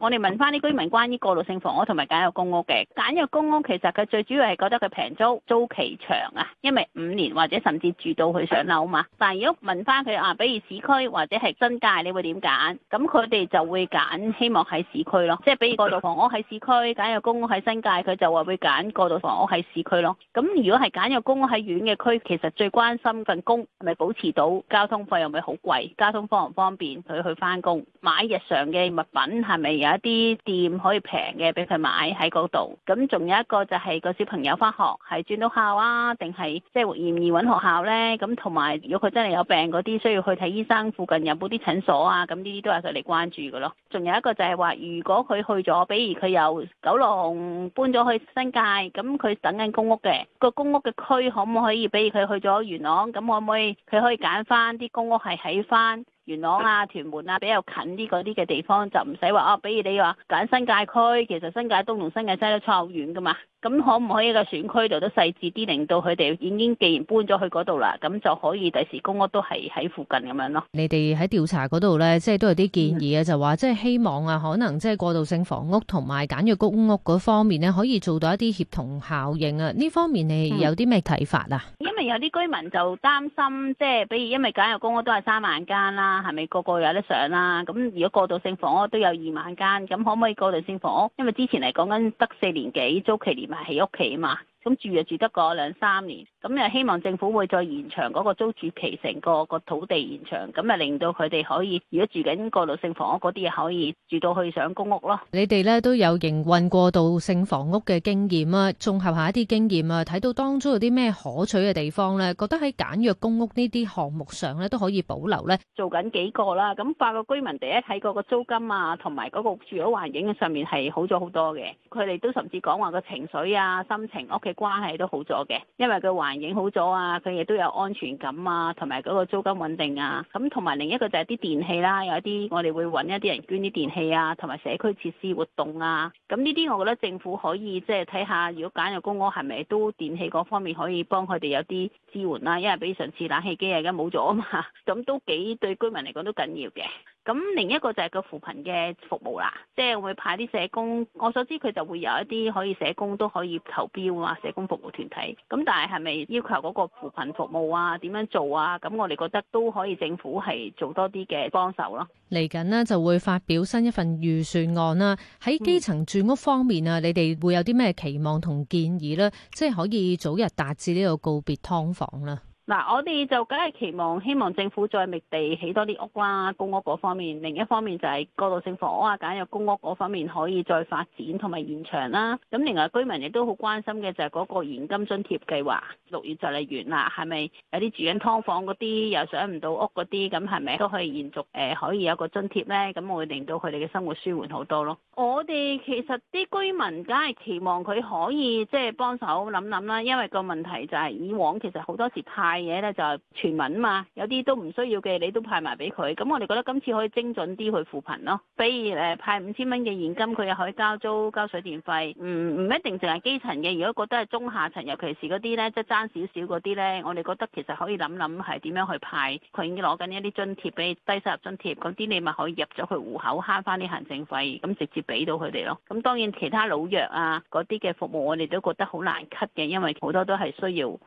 我哋問翻啲居民關於過渡性房屋同埋簡約公屋嘅，簡約公屋其實佢最主要係覺得佢平租，租期長啊，因為五年或者甚至住到佢上樓嘛。但如果問翻佢啊，比如市區或者係新，新界，你會點揀？咁佢哋就會揀希望喺市區咯，即係比如過渡房屋喺市區，簡約公屋喺新界，佢就話會揀過渡房屋喺市區咯。咁如果係簡約公屋喺遠嘅區，其實最關心份工係咪保持到，交通費又咪好貴，交通方唔方便佢去翻工，買日常嘅物品係咪有一啲店可以平嘅，俾佢買喺嗰度。咁仲有一個就係個小朋友翻學，係轉到校啊，定係即係易唔易揾學校咧？咁同埋如果佢真係有病嗰啲，需要去睇醫生，附近有冇啲診所啊？咁呢啲都係佢嚟關注嘅咯。仲有一個就係話，如果佢去咗，比如佢由九龍搬咗去新界，咁佢等緊公屋嘅個公屋嘅區可唔可以？比如佢去咗元朗，咁可唔可以佢可以揀翻啲公屋係喺翻元朗啊、屯門啊，比較近啲嗰啲嘅地方，就唔使話哦。比如你話揀新界區，其實新界東同新界西都差好遠噶嘛。咁可唔可以個選區度都細緻啲，令到佢哋已經既然搬咗去嗰度啦，咁就可以第時公屋都係喺附近咁樣咯。你哋喺調查嗰度咧，即係都有啲建議啊，就話即係希望啊，可能即係過渡性房屋同埋簡約公屋嗰方面咧，可以做到一啲協同效應啊。呢方面你有啲咩睇法啊？嗯因為有啲居民就擔心，即係比如因為簡約公屋都係三萬間啦，係咪個個有得上啦，啊？咁如果過渡性房屋都有二萬間，咁可唔可以過渡性房屋？因為之前嚟講緊得四年幾租期年係喺屋企啊嘛，咁住就住得過兩三年。咁又希望政府會再延長嗰個租住期，成個個土地延長，咁咪令到佢哋可以，如果住緊過渡性房屋嗰啲嘢，可以住到去上公屋咯。你哋咧都有營運過渡性房屋嘅經驗啊，綜合一下一啲經驗啊，睇到當中有啲咩可取嘅地方咧，覺得喺簡約公屋呢啲項目上咧都可以保留咧。做緊幾個啦，咁發覺居民第一睇過個租金啊，同埋嗰個住咗環境嘅上面係好咗好多嘅，佢哋都甚至講話個情緒啊、心情、屋企關係都好咗嘅，因為佢話。環境好咗啊，佢亦都有安全感啊，同埋嗰個租金穩定啊，咁同埋另一個就係啲電器啦，有一啲我哋會揾一啲人捐啲電器啊，同埋社區設施活動啊，咁呢啲我覺得政府可以即係睇下，如果揀入公屋係咪都電器嗰方面可以幫佢哋有啲支援啦，因為比上次冷氣機而家冇咗啊嘛，咁都幾對居民嚟講都緊要嘅。咁另一個就係個扶貧嘅服務啦，即係會派啲社工，我所知佢就會有一啲可以社工都可以投標啊，社工服務團體。咁但係係咪要求嗰個扶貧服務啊？點樣做啊？咁我哋覺得都可以政府係做多啲嘅幫手咯。嚟緊呢就會發表新一份預算案啦。喺基層住屋方面啊，你哋會有啲咩期望同建議呢？即係可以早日達至呢個告別劏房啦。嗱，我哋就梗係期望希望政府再覓地起多啲屋啦，公屋嗰方面；另一方面就係過渡性房屋啊，梗有公屋嗰方面可以再發展同埋延長啦。咁另外的居民亦都好關心嘅就係嗰個現金津貼計劃，六月就嚟完啦，係咪有啲住緊劏房嗰啲又上唔到屋嗰啲，咁係咪都可以延續誒、呃、可以有一個津貼咧？咁會令到佢哋嘅生活舒緩好多咯。我哋其實啲居民梗係期望佢可以即係、就是、幫手諗諗啦，因為個問題就係、是、以往其實好多時太。嘅嘢咧就係、是、全民啊嘛，有啲都唔需要嘅，你都派埋俾佢。咁我哋覺得今次可以精準啲去扶貧咯。比如誒派五千蚊嘅現金，佢又可以交租、交水電費，唔、嗯、唔一定淨係基層嘅，如果覺得係中下層，尤其是嗰啲咧即係爭少少嗰啲咧，我哋覺得其實可以諗諗係點樣去派。佢已經攞緊一啲津貼俾低收入津貼嗰啲，你咪可以入咗去戶口，慳翻啲行政費，咁直接俾到佢哋咯。咁當然其他老弱啊嗰啲嘅服務，我哋都覺得好難 cut 嘅，因為好多都係需要。